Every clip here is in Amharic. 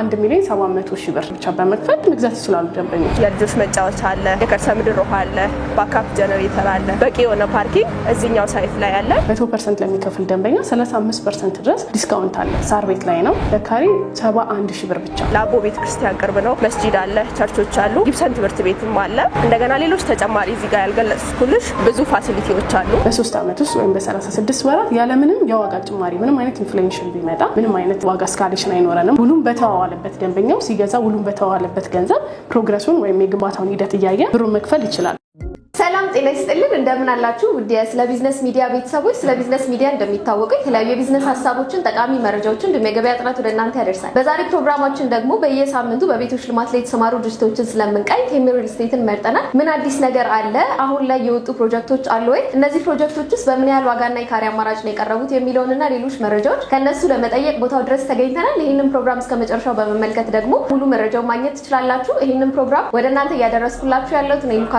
አንድ ሚሊዮን ሰባት መቶ ሺህ ብር ብቻ በመክፈል መግዛት ይችላሉ ደንበኞች። የልጆች መጫወቻ አለ፣ የከርሰ ምድር ውሃ አለ፣ ባካፕ ጀነሬተር አለ፣ በቂ የሆነ ፓርኪንግ እዚኛው ሳይት ላይ አለ። መቶ ፐርሰንት ለሚከፍል ደንበኛ 35 ፐርሰንት ድረስ ዲስካውንት አለ። ሳር ቤት ላይ ነው፣ በካሬ 71 ሺህ ብር ብቻ። ለአቦ ቤተ ክርስቲያን ቅርብ ነው፣ መስጂድ አለ፣ ቸርቾች አሉ፣ ጊብሰን ትምህርት ቤትም አለ። እንደገና ሌሎች ተጨማሪ እዚህ ጋር ያልገለጽኩልሽ ብዙ ፋሲሊቲዎች አሉ። በሶስት ዓመት ውስጥ ወይም በ36 ወራት ያለምንም የዋጋ ጭማሪ ምንም አይነት ኢንፍሌሽን ቢመጣ ምንም አይነት ዋጋ እስካሌሽን አይኖረንም። ሁሉም በተዋዋ በተዋለበት ደንበኛው ሲገዛ ውሉን በተዋለበት ገንዘብ ፕሮግረሱን ወይም የግንባታውን ሂደት እያየ ብሩን መክፈል ይችላል። ሰላም ጤና ይስጥልን። እንደምን አላችሁ? ውድ ስለ ቢዝነስ ሚዲያ ቤተሰቦች፣ ስለ ቢዝነስ ሚዲያ እንደሚታወቀው የተለያዩ የቢዝነስ ሀሳቦችን፣ ጠቃሚ መረጃዎችን እንዲሁም የገበያ ጥረት ወደ እናንተ ያደርሳል። በዛሬ ፕሮግራማችን ደግሞ በየሳምንቱ በቤቶች ልማት ላይ የተሰማሩ ድርጅቶችን ስለምንቃኝ ቴምር ሪል ስቴትን መርጠናል። ምን አዲስ ነገር አለ? አሁን ላይ የወጡ ፕሮጀክቶች አሉ ወይ? እነዚህ ፕሮጀክቶች ውስጥ በምን ያህል ዋጋና የካሬ አማራጭ ነው የቀረቡት የሚለውንና ሌሎች መረጃዎች ከእነሱ ለመጠየቅ ቦታው ድረስ ተገኝተናል። ይህንን ፕሮግራም እስከ መጨረሻው በመመልከት ደግሞ ሙሉ መረጃው ማግኘት ትችላላችሁ። ይህንን ፕሮግራም ወደ እናንተ እያደረስኩላችሁ ያለሁት እኔ ሉካ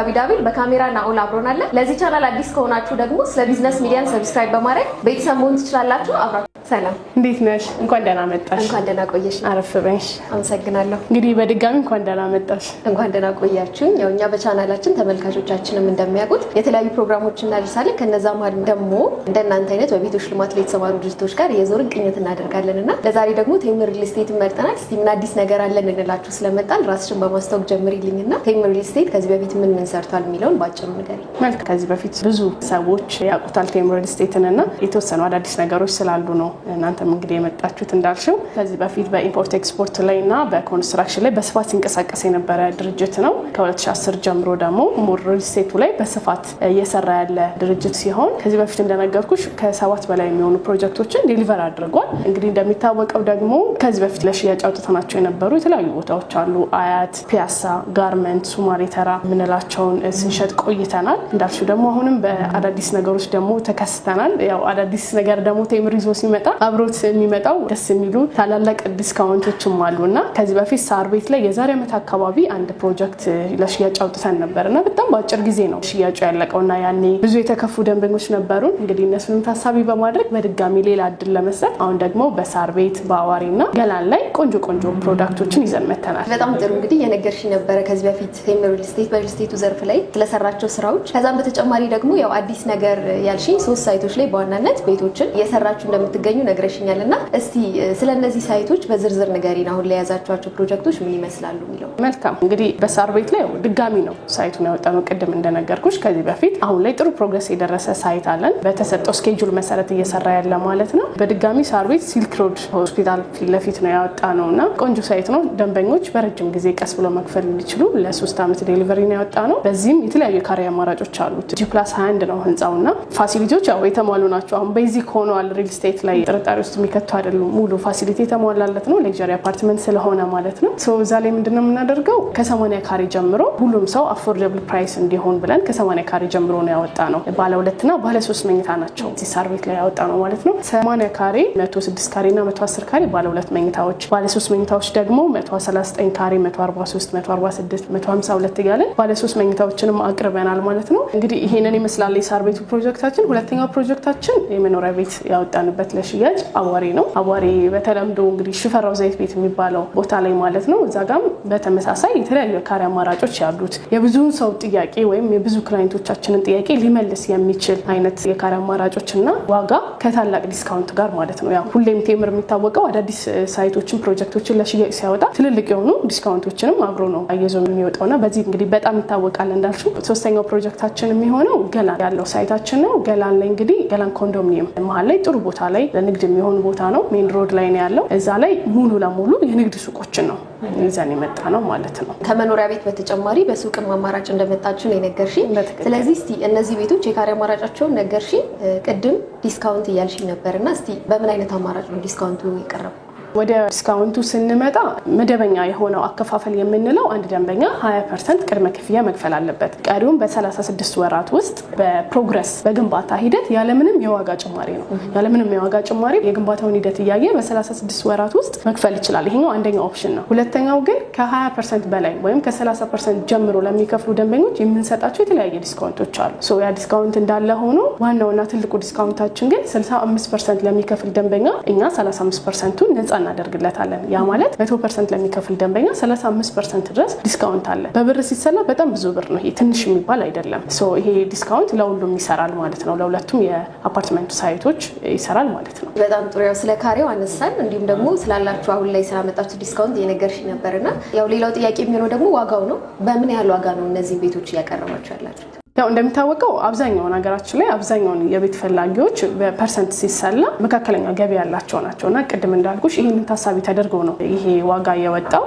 በካሜራ ና አሁን አብሮን አለ። ለዚህ ቻናል አዲስ ከሆናችሁ ደግሞ ስለ ቢዝነስ ሚዲያን ሰብስክራይብ በማድረግ ቤተሰብ መሆን ትችላላችሁ። አብራችሁ ሰላም፣ እንዴት ነሽ? እንኳን ደህና መጣሽ። እንኳን ደህና ቆየሽ። አረፍ በይሽ። አመሰግናለሁ። እንግዲህ በድጋሚ እንኳን ደህና መጣሽ። እንኳን ደህና ቆያችሁኝ። ያው እኛ በቻናላችን ተመልካቾቻችንም እንደሚያውቁት የተለያዩ ፕሮግራሞች እናደርሳለን። ከነዛ መሀል ደግሞ እንደናንተ አይነት በቤቶች ልማት ላይ የተሰማሩ ድርጅቶች ጋር የዞርን ቅኝት እናደርጋለን እና ለዛሬ ደግሞ ቴምር ሪል ስቴት መርጠናል። እስቲ ምን አዲስ ነገር አለን እንላችሁ ስለመጣል ራስሽን በማስታወቅ ጀምሪልኝ እና ቴምር ሪል ስቴት ከዚህ በፊት ምን ምን ሰርቷል የሚለውን ባጭሩ ንገሪ። መልክ ከዚህ በፊት ብዙ ሰዎች ያውቁታል ቴምር ስቴትን እና የተወሰኑ አዳዲስ ነገሮች ስላሉ ነው እናንተም እንግዲህ የመጣችሁት። እንዳልሽው ከዚህ በፊት በኢምፖርት ኤክስፖርት ላይ እና በኮንስትራክሽን ላይ በስፋት ሲንቀሳቀስ የነበረ ድርጅት ነው። ከ2010 ጀምሮ ደግሞ ሞር ሪል ስቴቱ ላይ በስፋት እየሰራ ያለ ድርጅት ሲሆን ከዚህ በፊት እንደነገርኩሽ ከሰባት በላይ የሚሆኑ ፕሮጀክቶችን ዴሊቨር አድርጓል። እንግዲህ እንደሚታወቀው ደግሞ ከዚህ በፊት ለሽያጭ አውጥተናቸው የነበሩ የተለያዩ ቦታዎች አሉ። አያት፣ ፒያሳ፣ ጋርመንት፣ ሱማሌ ተራ የምንላቸውን ስንሸጥ ቆይ ቆይተናል። እንዳልሽ ደግሞ አሁንም በአዳዲስ ነገሮች ደግሞ ተከስተናል። ያው አዳዲስ ነገር ደግሞ ቴምር ይዞ ሲመጣ አብሮት የሚመጣው ደስ የሚሉ ታላላቅ ዲስካውንቶችም አሉ እና ከዚህ በፊት ሳር ቤት ላይ የዛሬ ዓመት አካባቢ አንድ ፕሮጀክት ለሽያጭ አውጥተን ነበር እና በጣም በአጭር ጊዜ ነው ሽያጩ ያለቀው እና ያኔ ብዙ የተከፉ ደንበኞች ነበሩን። እንግዲህ እነሱንም ታሳቢ በማድረግ በድጋሚ ሌላ እድል ለመስጠት አሁን ደግሞ በሳር ቤት በአዋሪ እና ገላን ላይ ቆንጆ ቆንጆ ፕሮዳክቶችን ይዘን መተናል። በጣም ጥሩ እንግዲህ የነገርሽ ነበረ ከዚህ በፊት ሄም ሪል ስቴት በሪል ስቴቱ ዘርፍ ላይ ስለሰራቸው ስራዎች፣ ከዛም በተጨማሪ ደግሞ ያው አዲስ ነገር ያልሽኝ ሶስት ሳይቶች ላይ በዋናነት ቤቶችን እየሰራችሁ እንደምትገኙ ነግረሽኛል እና እስቲ ስለ እነዚህ ሳይቶች በዝርዝር ንገሪን። አሁን ላይ የያዛችኋቸው ፕሮጀክቶች ምን ይመስላሉ የሚለው። መልካም እንግዲህ በሳር ቤት ላይ ድጋሚ ነው ሳይቱን ያወጣነው ቅድም እንደነገርኩሽ ከዚህ በፊት። አሁን ላይ ጥሩ ፕሮግረስ የደረሰ ሳይት አለን በተሰጠው ስኬጁል መሰረት እየሰራ ያለ ማለት ነው። በድጋሚ ሳር ቤት ሲልክ ሮድ ሆስፒታል ፊት ለፊት ነው ያወጣ ነው እና ቆንጆ ሳይት ነው። ደንበኞች በረጅም ጊዜ ቀስ ብሎ መክፈል እንዲችሉ ለሶስት ዓመት ዴሊቨሪ ነው ያወጣ ነው። በዚህም የተለያዩ የካሬ አማራጮች አሉት። ጂ ፕላስ 21 ነው ህንፃው እና ፋሲሊቲዎች ያው የተሟሉ ናቸው። አሁን ቤዚክ ሆነዋል። ሪል ስቴት ላይ ጥርጣሬ ውስጥ የሚከቱ አይደሉም። ሙሉ ፋሲሊቲ የተሟላለት ነው። ሌክዠሪ አፓርትመንት ስለሆነ ማለት ነው። እዛ ላይ ምንድነው የምናደርገው ከሰማንያ ካሬ ጀምሮ ሁሉም ሰው አፎርደብል ፕራይስ እንዲሆን ብለን ከሰማንያ ካሬ ጀምሮ ነው ያወጣ ነው። ባለ ሁለትና ባለ ሶስት መኝታ ናቸው። ሳር ቤት ላይ ያወጣ ነው ማለት ነው። ሰማንያ ካሬ፣ መቶ ስድስት ካሬ እና መቶ አስር ካሬ ባለ ሁለት መኝታዎች ባለሶስት መኝታዎች ደግሞ 139 ካሬ፣ 143፣ 146፣ 152 እያለን ባለሶስት መኝታዎችንም አቅርበናል ማለት ነው። እንግዲህ ይሄንን ይመስላል የሳር ቤቱ ፕሮጀክታችን። ሁለተኛው ፕሮጀክታችን የመኖሪያ ቤት ያወጣንበት ለሽያጭ አዋሬ ነው። አዋሬ በተለምዶ እንግዲህ ሽፈራው ዘይት ቤት የሚባለው ቦታ ላይ ማለት ነው። እዛ ጋም በተመሳሳይ የተለያዩ የካሬ አማራጮች ያሉት የብዙ ሰው ጥያቄ ወይም የብዙ ክላይንቶቻችንን ጥያቄ ሊመልስ የሚችል አይነት የካሬ አማራጮች እና ዋጋ ከታላቅ ዲስካውንት ጋር ማለት ነው። ያው ሁሌም ቴምር የሚታወቀው አዳዲስ ሳይቶችን ፕሮጀክቶችን ለሽያጭ ሲያወጣ ትልልቅ የሆኑ ዲስካውንቶችንም አብሮ ነው አየዞ የሚወጣው ና በዚህ እንግዲህ በጣም ይታወቃል። እንዳልሹ ሶስተኛው ፕሮጀክታችን የሚሆነው ገላን ያለው ሳይታችን ነው። ገላን ላይ እንግዲህ ገላን ኮንዶሚኒየም መሀል ላይ ጥሩ ቦታ ላይ ለንግድ የሚሆን ቦታ ነው። ሜን ሮድ ላይ ነው ያለው። እዛ ላይ ሙሉ ለሙሉ የንግድ ሱቆችን ነው ይዘን የመጣ ነው ማለት ነው። ከመኖሪያ ቤት በተጨማሪ በሱቅም አማራጭ እንደመጣችሁ ነው የነገርሽኝ። ስለዚህ እስቲ እነዚህ ቤቶች የካሬ አማራጫቸውን ነገርሽኝ። ቅድም ዲስካውንት እያልሽኝ ነበር እና እስቲ በምን አይነት አማራጭ ነው ዲስካውንቱ የቀረበው? ወደ ዲስካውንቱ ስንመጣ መደበኛ የሆነው አከፋፈል የምንለው አንድ ደንበኛ 20 ፐርሰንት ቅድመ ክፍያ መክፈል አለበት። ቀሪውም በ36 ወራት ውስጥ በፕሮግረስ በግንባታ ሂደት ያለምንም የዋጋ ጭማሪ ነው። ያለምንም የዋጋ ጭማሪ የግንባታውን ሂደት እያየ በ36 ወራት ውስጥ መክፈል ይችላል። ይሄኛው አንደኛው ኦፕሽን ነው። ሁለተኛው ግን ከ20 ፐርሰንት በላይ ወይም ከ30 ፐርሰንት ጀምሮ ለሚከፍሉ ደንበኞች የምንሰጣቸው የተለያየ ዲስካውንቶች አሉ። ያ ዲስካውንት እንዳለ ሆኖ ዋናውና ትልቁ ዲስካውንታችን ግን 65 ፐርሰንት ለሚከፍል ደንበኛ እኛ 35 ፐርሰንቱን ነጻ እናደርግለታለን። ያ ማለት መቶ ፐርሰንት ለሚከፍል ደንበኛ 35 ፐርሰንት ድረስ ዲስካውንት አለ። በብር ሲሰላ በጣም ብዙ ብር ነው። ይሄ ትንሽ የሚባል አይደለም። ይሄ ዲስካውንት ለሁሉም ይሰራል ማለት ነው። ለሁለቱም የአፓርትመንቱ ሳይቶች ይሰራል ማለት ነው። በጣም ጥሩ ያው ስለ ካሬው አነሳን፣ እንዲሁም ደግሞ ስላላችሁ አሁን ላይ ስላመጣችሁ ዲስካውንት ነበር ነበርና ያው ሌላው ጥያቄ የሚሆነው ደግሞ ዋጋው ነው። በምን ያህል ዋጋ ነው እነዚህ ቤቶች እያቀረባችሁ ያላቸው። ያው እንደሚታወቀው አብዛኛውን ሀገራችን ላይ አብዛኛውን የቤት ፈላጊዎች በፐርሰንት ሲሰላ መካከለኛ ገቢ ያላቸው ናቸው እና ቅድም እንዳልኩሽ ይህንን ታሳቢ ተደርገው ነው ይሄ ዋጋ የወጣው።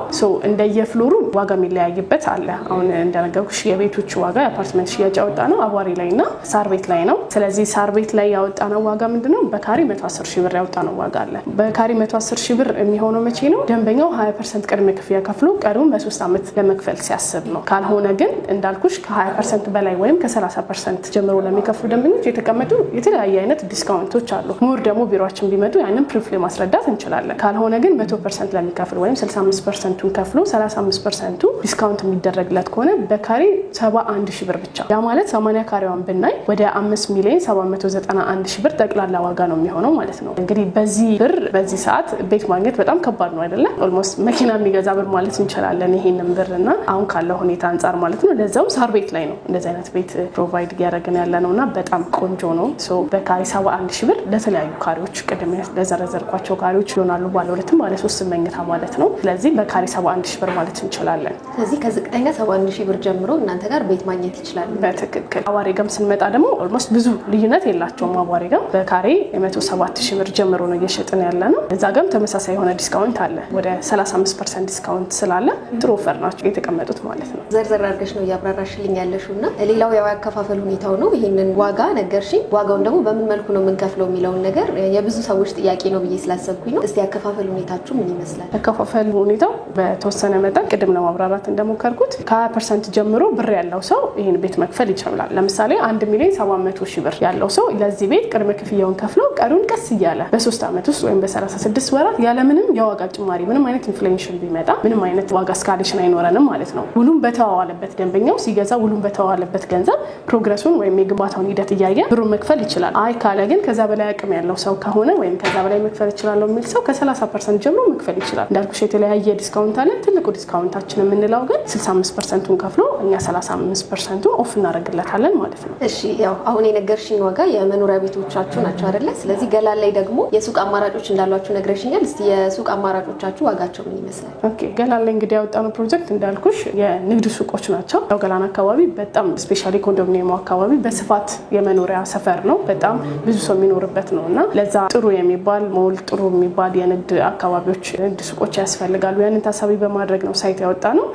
እንደየፍሎሩ ዋጋ የሚለያይበት አለ። አሁን እንደነገርኩሽ የቤቶች ዋጋ የአፓርትመንት ሽያጭ ያወጣ ነው አዋሪ ላይ እና ሳር ቤት ላይ ነው። ስለዚህ ሳር ቤት ላይ ያወጣ ነው ዋጋ ምንድነው ነው? በካሬ 110 ሺህ ብር ያወጣ ነው ዋጋ አለ። በካሬ 110 ሺህ ብር የሚሆነው መቼ ነው? ደንበኛው 20 ፐርሰንት ቅድመ ክፍያ ከፍሎ ቀሪውን በሶስት ዓመት ለመክፈል ሲያስብ ነው። ካልሆነ ግን እንዳልኩሽ ከ20 ፐርሰንት በላይ ወይም ከ30 ፐርሰንት ጀምሮ ለሚከፍሉ ደንበኞች የተቀመጡ የተለያየ አይነት ዲስካውንቶች አሉ። ሙር ደግሞ ቢሮችን ቢመጡ ያንን ፕሪፍ ማስረዳት እንችላለን። ካልሆነ ግን መቶ ፐርሰንት ለሚከፍሉ ወይም 65 ፐርሰንቱን ከፍሎ 35 ፐርሰንቱ ዲስካውንት የሚደረግለት ከሆነ በካሬ 71 ሺ ብር ብቻ ያ ማለት 80 ካሬዋን ብናይ ወደ 5 ሚሊዮን 791 ሺ ብር ጠቅላላ ዋጋ ነው የሚሆነው ማለት ነው። እንግዲህ በዚህ ብር በዚህ ሰዓት ቤት ማግኘት በጣም ከባድ ነው አይደለም? ኦልሞስት መኪና የሚገዛ ብር ማለት እንችላለን ይሄንን ብር እና አሁን ካለው ሁኔታ አንጻር ማለት ነው። ለዛውም ሳር ቤት ላይ ነው እንደዚህ አይነት ቤት ቤት ፕሮቫይድ እያደረግን ያለ ነው እና በጣም ቆንጆ ነው። በካሬ ሰባ አንድ ሺ ብር ለተለያዩ ካሬዎች ቅድም ለዘረዘርኳቸው ካሬዎች ይሆናሉ። ባለ ሁለትም ባለ ሶስት መኝታ ማለት ነው። ስለዚህ በካሬ ሰባ አንድ ሺ ብር ማለት እንችላለን። ስለዚህ ከዝቅተኛ ሰባ አንድ ሺ ብር ጀምሮ እናንተ ጋር ቤት ማግኘት ይችላል በትክክል አዋሬ ገም ስንመጣ ደግሞ ኦልሞስት ብዙ ልዩነት የላቸውም። አዋሬ ገም በካሬ የመቶ ሰባት ሺ ብር ጀምሮ ነው እየሸጥን ያለ ነው። እዛ ገም ተመሳሳይ የሆነ ዲስካውንት አለ። ወደ 35 ፐርሰንት ዲስካውንት ስላለ ጥሩ ኦፈር ናቸው የተቀመጡት ማለት ነው። ዘርዘር አድርገሽ ነው እያብራራሽልኝ ያለሽው እና ሌላው ገበያው አከፋፈል ሁኔታው ነው። ይህንን ዋጋ ነገርሽኝ፣ ዋጋውን ደግሞ በምን መልኩ ነው የምንከፍለው የሚለውን ነገር የብዙ ሰዎች ጥያቄ ነው ብዬ ስላሰብኩኝ ነው። እስቲ ያከፋፈል ሁኔታችሁ ምን ይመስላል? ያከፋፈል ሁኔታው በተወሰነ መጠን ቅድም ለማብራራት እንደሞከርኩት ከ ፐርሰንት ጀምሮ ብር ያለው ሰው ይህን ቤት መክፈል ይችላል። ለምሳሌ አንድ ሚሊዮን ሰባት መቶ ሺህ ብር ያለው ሰው ለዚህ ቤት ቅድመ ክፍያውን ከፍለው ቀሪውን ቀስ እያለ በሶስት ዓመት ውስጥ ወይም በሰላሳ ስድስት ወራት ያለምንም የዋጋ ጭማሪ ምንም አይነት ኢንፍሌሽን ቢመጣ ምንም አይነት ዋጋ እስካሌሽን አይኖረንም ማለት ነው። ውሉም በተዋዋለበት ደንበኛው ሲገዛ ውሉም በተዋዋለበት ገንዘብ ከዛ ፕሮግረሱን ወይም የግንባታውን ሂደት እያየ ብሩ መክፈል ይችላል። አይ ካለ ግን ከዛ በላይ አቅም ያለው ሰው ከሆነ ወይም ከዛ በላይ መክፈል እችላለሁ የሚል ሰው ከ30 ፐርሰንት ጀምሮ መክፈል ይችላል። እንዳልኩሽ የተለያየ ዲስካውንት አለ። ትልቁ ዲስካውንታችን የምንለው ግን 65 ፐርሰንቱን ከፍሎ እኛ 35 ፐርሰንቱን ኦፍ እናደርግለታለን ማለት ነው። እሺ ያው አሁን የነገርሽኝ ዋጋ የመኖሪያ ቤቶቻችሁ ናቸው አይደለ? ስለዚህ ገላን ላይ ደግሞ የሱቅ አማራጮች እንዳሏችሁ ነግረሽኛል። እስኪ የሱቅ አማራጮቻችሁ ዋጋቸው ምን ይመስላል? ኦኬ ገላን ላይ እንግዲህ ያወጣነው ፕሮጀክት እንዳልኩሽ የንግድ ሱቆች ናቸው። ያው ገላን አካባቢ በጣም ስፔሻሊ ኮንዶሚኒየሙ አካባቢ በስፋት የመኖሪያ ሰፈር ነው። በጣም ብዙ ሰው የሚኖርበት ነው እና ለዛ ጥሩ የሚባል ሞል፣ ጥሩ የሚባል የንግድ አካባቢዎች፣ ንግድ ሱቆች ያስፈልጋሉ። ያንን ታሳቢ በማድረግ ነው ሳይት ያወጣ ነው።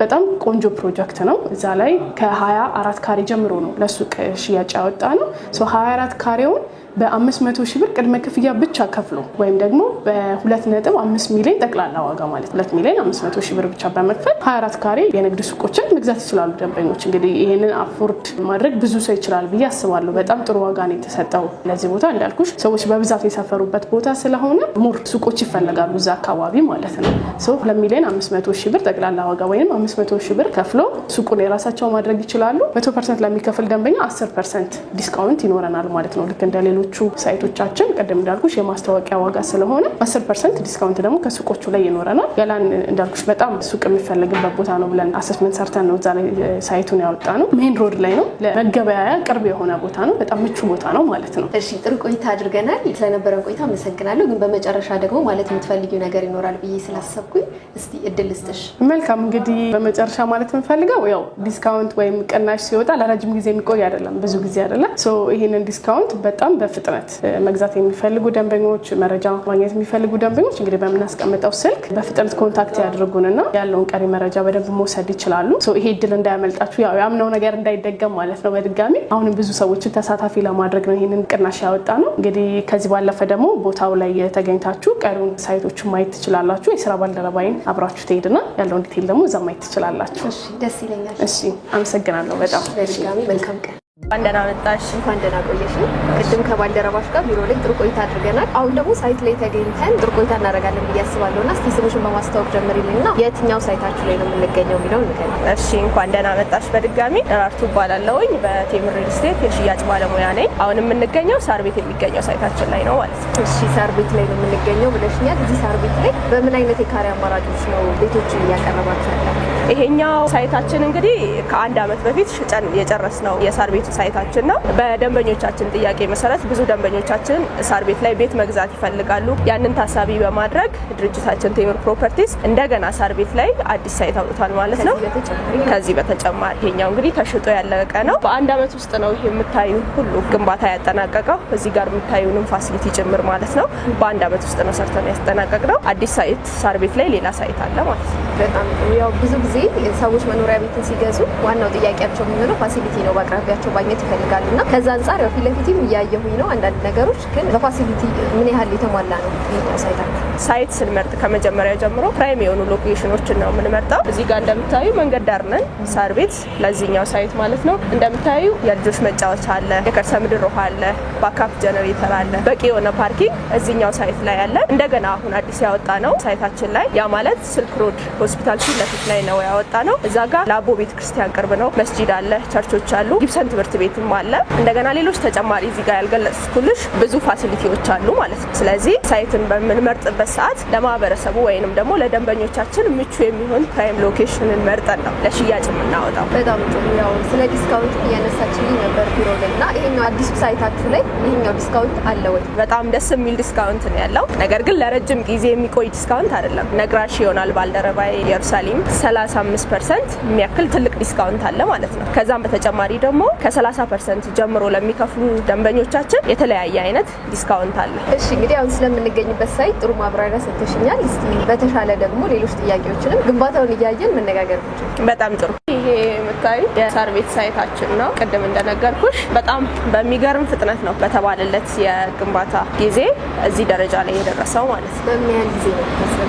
በጣም ቆንጆ ፕሮጀክት ነው። እዛ ላይ ከ24 ካሬ ጀምሮ ነው ለሱቅ ሽያጭ ያወጣ ነው 24 ካሬውን በ500 ሺህ ብር ቅድመ ክፍያ ብቻ ከፍሎ ወይም ደግሞ በ2.5 ሚሊዮን ጠቅላላ ዋጋ ማለት 2 ሚሊዮን 500 ሺህ ብር ብቻ በመክፈል 24 ካሬ የንግድ ሱቆችን መግዛት ይችላሉ ደንበኞች። እንግዲህ ይህንን አፎርድ ማድረግ ብዙ ሰው ይችላል ብዬ አስባለሁ። በጣም ጥሩ ዋጋ ነው የተሰጠው ለዚህ ቦታ። እንዳልኩሽ ሰዎች በብዛት የሰፈሩበት ቦታ ስለሆነ ሙር ሱቆች ይፈለጋሉ እዛ አካባቢ ማለት ነው። ሰው 2 ሚሊዮን 500 ሺህ ብር ጠቅላላ ዋጋ ወይም 500 ሺህ ብር ከፍሎ ሱቁን የራሳቸው ማድረግ ይችላሉ። 100 ፐርሰንት ለሚከፍል ደንበኛ 10 ፐርሰንት ዲስካውንት ይኖረናል ማለት ነው ልክ እንደሌሎ በሌሎቹ ሳይቶቻችን ቅድም እንዳልኩሽ የማስታወቂያ ዋጋ ስለሆነ አስር ፐርሰንት ዲስካውንት ደግሞ ከሱቆቹ ላይ ይኖረናል። ገላን እንዳልኩሽ በጣም ሱቅ የሚፈልግበት ቦታ ነው ብለን አሰስመንት ሰርተን ነው እዛ ላይ ሳይቱን ያወጣ ነው። ሜን ሮድ ላይ ነው። ለመገበያያ ቅርብ የሆነ ቦታ ነው። በጣም ምቹ ቦታ ነው ማለት ነው። እሺ ጥሩ ቆይታ አድርገናል። ስለነበረን ቆይታ አመሰግናለሁ። ግን በመጨረሻ ደግሞ ማለት የምትፈልጊው ነገር ይኖራል ብዬ ስላሰብኩኝ እስቲ እድል ስጥሽ። መልካም እንግዲህ በመጨረሻ ማለት የምፈልገው ያው ዲስካውንት ወይም ቅናሽ ሲወጣ ለረጅም ጊዜ የሚቆይ አይደለም፣ ብዙ ጊዜ አይደለም። ይህንን ዲስካውንት በጣም በፍጥነት መግዛት የሚፈልጉ ደንበኞች፣ መረጃ ማግኘት የሚፈልጉ ደንበኞች እንግዲህ በምናስቀምጠው ስልክ በፍጥነት ኮንታክት ያድርጉንና ያለውን ቀሪ መረጃ በደንብ መውሰድ ይችላሉ። ይሄ እድል እንዳያመልጣችሁ፣ ያምነው ነገር እንዳይደገም ማለት ነው። በድጋሚ አሁንም ብዙ ሰዎችን ተሳታፊ ለማድረግ ነው ይህንን ቅናሽ ያወጣ ነው። እንግዲህ ከዚህ ባለፈ ደግሞ ቦታው ላይ የተገኝታችሁ ቀሪውን ሳይቶችን ማየት ትችላላችሁ። የስራ ባልደረባይን አብራችሁ ትሄድና ያለውን ዲቴል ደግሞ እዛ ማየት ትችላላችሁ። ደስ ይለኛል። እሺ፣ አመሰግናለሁ በጣም መልካም ቀን እንኳን ደህና መጣሽ። እንኳን ደህና ቆየሽ። ቅድም ከባልደረባሽ ጋር ቢሮ ላይ ጥሩ ቆይታ አድርገናል። አሁን ደግሞ ሳይት ላይ ተገኝተን ጥሩ ቆይታ እናደርጋለን ብዬ አስባለሁ እና እስቲ ስምሽን በማስታወቅ ጀምሪልኝ እና የትኛው ሳይታችሁ ላይ ነው የምንገኘው የሚለው ንገሪኝ። እሺ፣ እንኳን ደህና መጣሽ በድጋሚ። ራርቱ እባላለሁኝ በቴምር ሪል ስቴት የሽያጭ ባለሙያ ነኝ። አሁን የምንገኘው ሳር ቤት የሚገኘው ሳይታችን ላይ ነው ማለት ነው። እሺ፣ ሳር ቤት ላይ ነው የምንገኘው ብለሽኛል። እዚህ ሳር ቤት ላይ በምን አይነት የካሬ አማራጮች ነው ቤቶችን እያቀረባችሁ ያለ? ይሄኛው ሳይታችን እንግዲህ ከአንድ አመት በፊት ሽጨን ነው የሳር ቤት ሳይታችን ነው። በደንበኞቻችን ጥያቄ መሰረት ብዙ ደንበኞቻችን ሳር ቤት ላይ ቤት መግዛት ይፈልጋሉ። ያንን ታሳቢ በማድረግ ድርጅታችን ቴምር ፕሮፐርቲስ እንደገና ሳር ቤት ላይ አዲስ ሳይት አውጥቷል ማለት ነው። ከዚህ በተጨማሪ ይሄኛው እንግዲህ ተሽጦ ያለቀ ነው። በአንድ አመት ውስጥ ነው ይሄ የምታዩ ሁሉ ግንባታ ያጠናቀቀው። እዚህ ጋር የምታዩንም ፋሲሊቲ ጭምር ማለት ነው። በአንድ አመት ውስጥ ነው ሰርተን ያስጠናቀቅ ነው። አዲስ ሳይት ሳር ቤት ላይ ሌላ ሳይት አለ ማለት ነው። በጣም ያው ብዙ ጊዜ ሰዎች መኖሪያ ቤትን ሲገዙ ዋናው ጥያቄያቸው የሚሆነው ፋሲሊቲ ነው በአቅራቢያቸው ማግኘት ይፈልጋሉ እና ከዛ አንጻር ፊት ለፊትም እያየሁኝ ነው። አንዳንድ ነገሮች ግን በፋሲሊቲ ምን ያህል የተሟላ ነው ይሄኛው ሳይት ስንመርጥ ከመጀመሪያ ጀምሮ ፕራይም የሆኑ ሎኬሽኖችን ነው የምንመርጠው። እዚህ ጋር እንደምታዩ መንገድ ዳር ነን፣ ሳር ቤት ለዚህኛው ሳይት ማለት ነው። እንደምታዩ የልጆች መጫወቻ አለ፣ የከርሰ ምድር ውሃ አለ፣ ባካፕ ጀነሬተር አለ፣ በቂ የሆነ ፓርኪንግ እዚህኛው ሳይት ላይ አለ። እንደገና አሁን አዲስ ያወጣ ነው ሳይታችን ላይ ያ ማለት ስልክ ሮድ ሆስፒታል ፊት ለፊት ላይ ነው ያወጣ ነው። እዛ ጋር ላቦ ቤተክርስቲያን ቅርብ ነው። መስጂድ አለ፣ ቸርቾች አሉ። ጊብሰን ትምህርት ትምህርት ቤትም አለ። እንደገና ሌሎች ተጨማሪ እዚህ ጋር ያልገለጽኩልሽ ብዙ ፋሲሊቲዎች አሉ ማለት ነው። ስለዚህ ሳይትን በምንመርጥበት ሰዓት ለማህበረሰቡ ወይንም ደግሞ ለደንበኞቻችን ምቹ የሚሆን ፕራይም ሎኬሽንን መርጠን ነው ለሽያጭ የምናወጣው። በጣም ጥሩ። ያው ስለ ዲስካውንት እያነሳችልኝ ነበር ቢሮ ላይ እና ይሄኛው አዲሱ ሳይታችሁ ላይ ይሄኛው ዲስካውንት አለ ወይ? በጣም ደስ የሚል ዲስካውንት ነው ያለው። ነገር ግን ለረጅም ጊዜ የሚቆይ ዲስካውንት አይደለም። ነግራሽ ይሆናል ባልደረባ ኢየሩሳሌም 35 ፐርሰንት የሚያክል ትልቅ ዲስካውንት አለ ማለት ነው። ከዛም በተጨማሪ ደግሞ ከ 30 ፐርሰንት ጀምሮ ለሚከፍሉ ደንበኞቻችን የተለያየ አይነት ዲስካውንት አለ። እሺ እንግዲህ አሁን ስለምንገኝበት ሳይት ጥሩ ማብራሪያ ሰጥተሽኛል። እስቲ በተሻለ ደግሞ ሌሎች ጥያቄዎችንም ግንባታውን እያየን መነጋገር በጣም ጥሩ ይሄ የምታዩት የሳር ቤት ሳይታችን ነው። ቅድም እንደነገርኩሽ በጣም በሚገርም ፍጥነት ነው በተባለለት የግንባታ ጊዜ እዚህ ደረጃ ላይ የደረሰው ማለት ነው።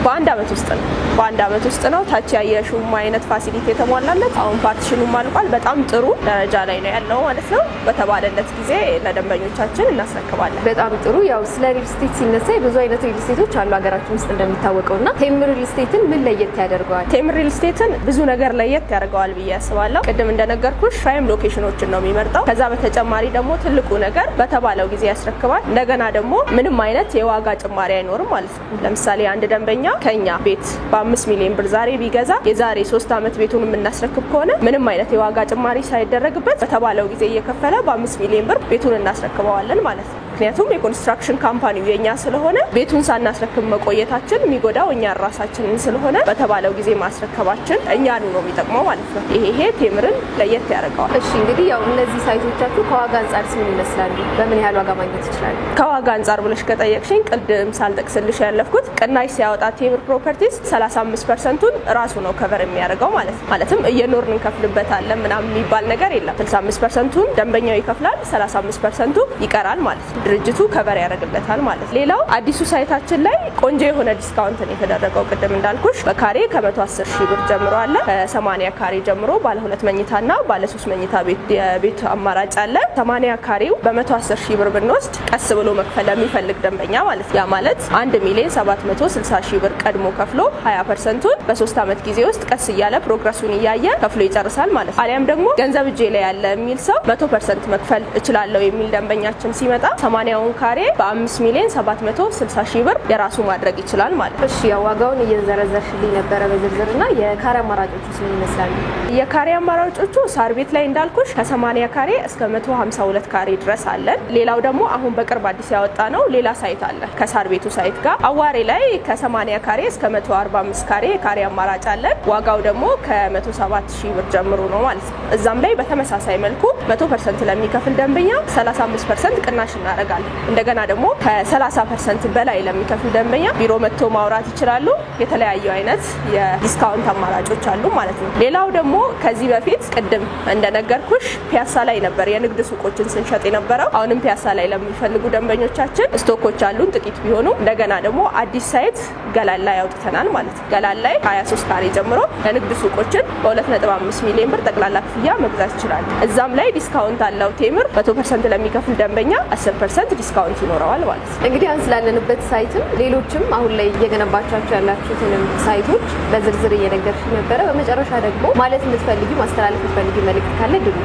በአንድ አመት ውስጥ ነው። በአንድ አመት ውስጥ ነው። ታች ያየሽውም አይነት ፋሲሊቲ የተሟላለት አሁን ፓርቲሽኑም አልቋል። በጣም ጥሩ ደረጃ ላይ ነው ያለው ማለት ነው። በተባለለት ጊዜ ለደንበኞቻችን እናስረክባለን። በጣም ጥሩ። ያው ስለ ሪል ስቴት ሲነሳ ብዙ አይነት ሪል ስቴቶች አሉ ሀገራችን ውስጥ እንደሚታወቀው እና ቴምር ሪል ስቴትን ምን ለየት ያደርገዋል? ቴምር ሪል ስቴትን ብዙ ነገር ለየት ያደርገዋል ብዬ ብዬ አስባለሁ። ቅድም እንደነገርኩሽ ፕራይም ሎኬሽኖችን ነው የሚመርጠው። ከዛ በተጨማሪ ደግሞ ትልቁ ነገር በተባለው ጊዜ ያስረክባል። እንደገና ደግሞ ምንም አይነት የዋጋ ጭማሪ አይኖርም ማለት ነው። ለምሳሌ አንድ ደንበኛ ከኛ ቤት በአምስት ሚሊዮን ብር ዛሬ ቢገዛ የዛሬ ሶስት ዓመት ቤቱን የምናስረክብ ከሆነ ምንም አይነት የዋጋ ጭማሪ ሳይደረግበት በተባለው ጊዜ እየከፈለ በአምስት ሚሊዮን ብር ቤቱን እናስረክበዋለን ማለት ነው። ምክንያቱም የኮንስትራክሽን ካምፓኒው የኛ ስለሆነ ቤቱን ሳናስረክብ መቆየታችን የሚጎዳው እኛ ራሳችንን ስለሆነ በተባለው ጊዜ ማስረከባችን እኛኑ ነው የሚጠቅመው ማለት ነው። ይሄ ይሄ ቴምርን ለየት ያደርገዋል። እሺ እንግዲህ ያው እነዚህ ሳይቶቻችሁ ከዋጋ አንጻር ምን ይመስላሉ? በምን ያህል ዋጋ ማግኘት ይችላሉ? ከዋጋ አንጻር ብለሽ ከጠየቅሽኝ ቅድም ሳልጠቅስልሽ ያለፍኩት ቅናሽ ሲያወጣ ቴምር ፕሮፐርቲስ 35 ፐርሰንቱን ራሱ ነው ከቨር የሚያደርገው ማለት ነው። ማለትም እየኖርን እንከፍልበታለን ምናምን የሚባል ነገር የለም። 65 ፐርሰንቱን ደንበኛው ይከፍላል፣ 35 ፐርሰንቱ ይቀራል ማለት ነው። ድርጅቱ ከበር ያደርግለታል ማለት ሌላው አዲሱ ሳይታችን ላይ ቆንጆ የሆነ ዲስካውንት ነው የተደረገው። ቅድም እንዳልኩሽ በካሬ ከ110 ሺህ ብር ጀምሮ አለ። ከ80 ካሬ ጀምሮ ባለ ሁለት መኝታ እና ባለ ሶስት መኝታ የቤት አማራጭ አለ። 80 ካሬው በ110 ሺህ ብር ብንወስድ ቀስ ብሎ መክፈል ለሚፈልግ ደንበኛ ማለት ያ ማለት 1 ሚሊዮን 760 ሺህ ብር ቀድሞ ከፍሎ 20 ፐርሰንቱን በሶስት ዓመት ጊዜ ውስጥ ቀስ እያለ ፕሮግረሱን እያየ ከፍሎ ይጨርሳል ማለት ነው። አሊያም ደግሞ ገንዘብ እጄ ላይ ያለ የሚል ሰው 100 ፐርሰንት መክፈል እችላለሁ የሚል ደንበኛችን ሲመጣ 80ውን ካሬ በ5 ሚሊዮን 760 ሺህ ብር የራሱ ማድረግ ይችላል ማለት ነው። እሺ ያው ዋጋውን እየዘረዘርሽልኝ ነበረ በዝርዝር እና የካሬ አማራጮቹ ምን ይመስላሉ? የካሬ አማራጮቹ ሳር ቤት ላይ እንዳልኩሽ ከ80 ካሬ እስከ 152 ካሬ ድረስ አለን። ሌላው ደግሞ አሁን በቅርብ አዲስ ያወጣ ነው ሌላ ሳይት አለ ከሳር ቤቱ ሳይት ጋር አዋሬ ላይ ከ80 ካሬ እስከ 145 ካሬ የካሬ አማራጭ አለን። ዋጋው ደግሞ ከ107 ሺህ ብር ጀምሮ ነው ማለት ነው። እዛም ላይ በተመሳሳይ መልኩ 100 ፐርሰንት ለሚከፍል ደንበኛ 35 ፐርሰንት ቅናሽ እናደረግ ይደረጋል። እንደገና ደግሞ ከ30 ፐርሰንት በላይ ለሚከፍሉ ደንበኛ ቢሮ መጥቶ ማውራት ይችላሉ። የተለያዩ አይነት የዲስካውንት አማራጮች አሉ ማለት ነው። ሌላው ደግሞ ከዚህ በፊት ቅድም እንደነገርኩሽ ፒያሳ ላይ ነበር የንግድ ሱቆችን ስንሸጥ የነበረው። አሁንም ፒያሳ ላይ ለሚፈልጉ ደንበኞቻችን ስቶኮች አሉን ጥቂት ቢሆኑ። እንደገና ደግሞ አዲስ ሳይት ገላል ላይ አውጥተናል ማለት ነው። ገላል ላይ 23 ካሬ ጀምሮ የንግድ ሱቆችን በ2.5 ሚሊዮን ብር ጠቅላላ ክፍያ መግዛት ይችላል። እዛም ላይ ዲስካውንት አለው። ቴምር 100 ፐርሰንት ለሚከፍል ደንበኛ 10 ፐርሰንት ዲስካውንት ይኖረዋል ማለት ነው። እንግዲህ አሁን ስላለንበት ሳይትም ሌሎችም አሁን ላይ እየገነባቻቸው ያላችሁትንም ሳይቶች በዝርዝር እየነገርሽ ነበረ። በመጨረሻ ደግሞ ማለት የምትፈልጊ ማስተላለፍ ትፈልጊ መልእክት ካለ ድሉ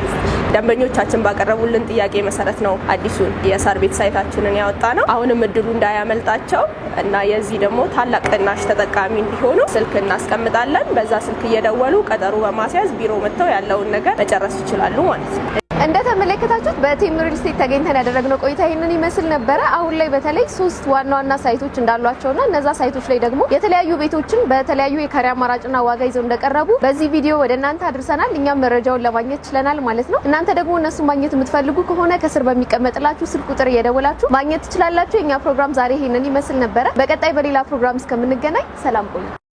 ደንበኞቻችን ባቀረቡልን ጥያቄ መሰረት ነው አዲሱን የሳር ቤት ሳይታችንን ያወጣ ነው። አሁንም እድሉ እንዳያመልጣቸው እና የዚህ ደግሞ ታላቅ ቅናሽ ተጠቃሚ እንዲሆኑ ስልክ እናስቀምጣለን። በዛ ስልክ እየደወሉ ቀጠሮ በማስያዝ ቢሮ መጥተው ያለውን ነገር መጨረስ ይችላሉ ማለት ነው። እንደተመለከታችሁት በቴም ሪል ስቴት ተገኝተን ያደረግነው ቆይታ ይህንን ይመስል ነበረ። አሁን ላይ በተለይ ሶስት ዋና ዋና ሳይቶች እንዳሏቸውና እነዛ ሳይቶች ላይ ደግሞ የተለያዩ ቤቶችን በተለያዩ የካሬ አማራጭና ዋጋ ይዘው እንደቀረቡ በዚህ ቪዲዮ ወደ እናንተ አድርሰናል። እኛም መረጃውን ለማግኘት ችለናል ማለት ነው። እናንተ ደግሞ እነሱን ማግኘት የምትፈልጉ ከሆነ ከስር በሚቀመጥላችሁ ስልክ ቁጥር እየደወላችሁ ማግኘት ትችላላችሁ። የእኛ ፕሮግራም ዛሬ ይህንን ይመስል ነበረ። በቀጣይ በሌላ ፕሮግራም እስከምንገናኝ ሰላም ቆዩ።